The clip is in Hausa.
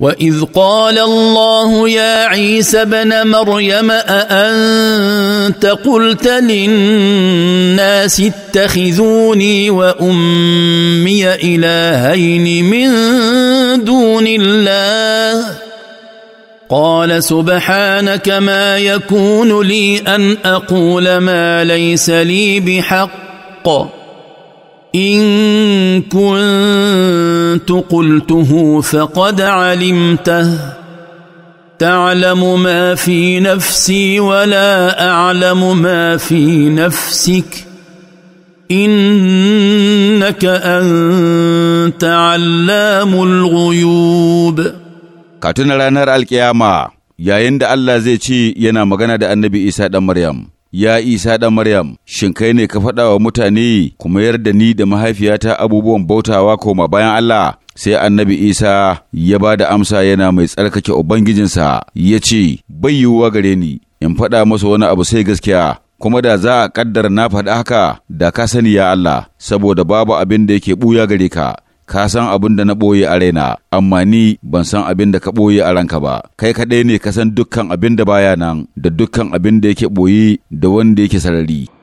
واذ قال الله يا عيسى بن مريم اانت قلت للناس اتخذوني وامي الهين من دون الله قال سبحانك ما يكون لي ان اقول ما ليس لي بحق ان كنت قلته فقد علمته تعلم ما في نفسي ولا اعلم ما في نفسك انك انت علام الغيوب كاتنا ranar alkiyama yayin da Allah zai ce yana magana da annabi Isa Maryam Ya Isa ɗan Maryam, shin kai ne ka faɗa wa mutane ku mayar da ni da mahaifiyata abubuwan bautawa koma bayan Allah? Sai annabi Isa ya ba da amsa yana mai tsarkake Ubangijinsa ya ce, Bai yiwuwa gare ni, in faɗa masa wani abu sai gaskiya, kuma da za a ƙaddara na faɗa haka da ka sani ya Allah, saboda babu abin da yake ɓuya gare ka. ka san abin da na ɓoye a raina, amma ni ban san abin da ka ɓoye a ranka ba, kai kaɗai ne ka san dukkan abin da baya nan da dukkan abin da yake ɓoye da wanda yake sarari.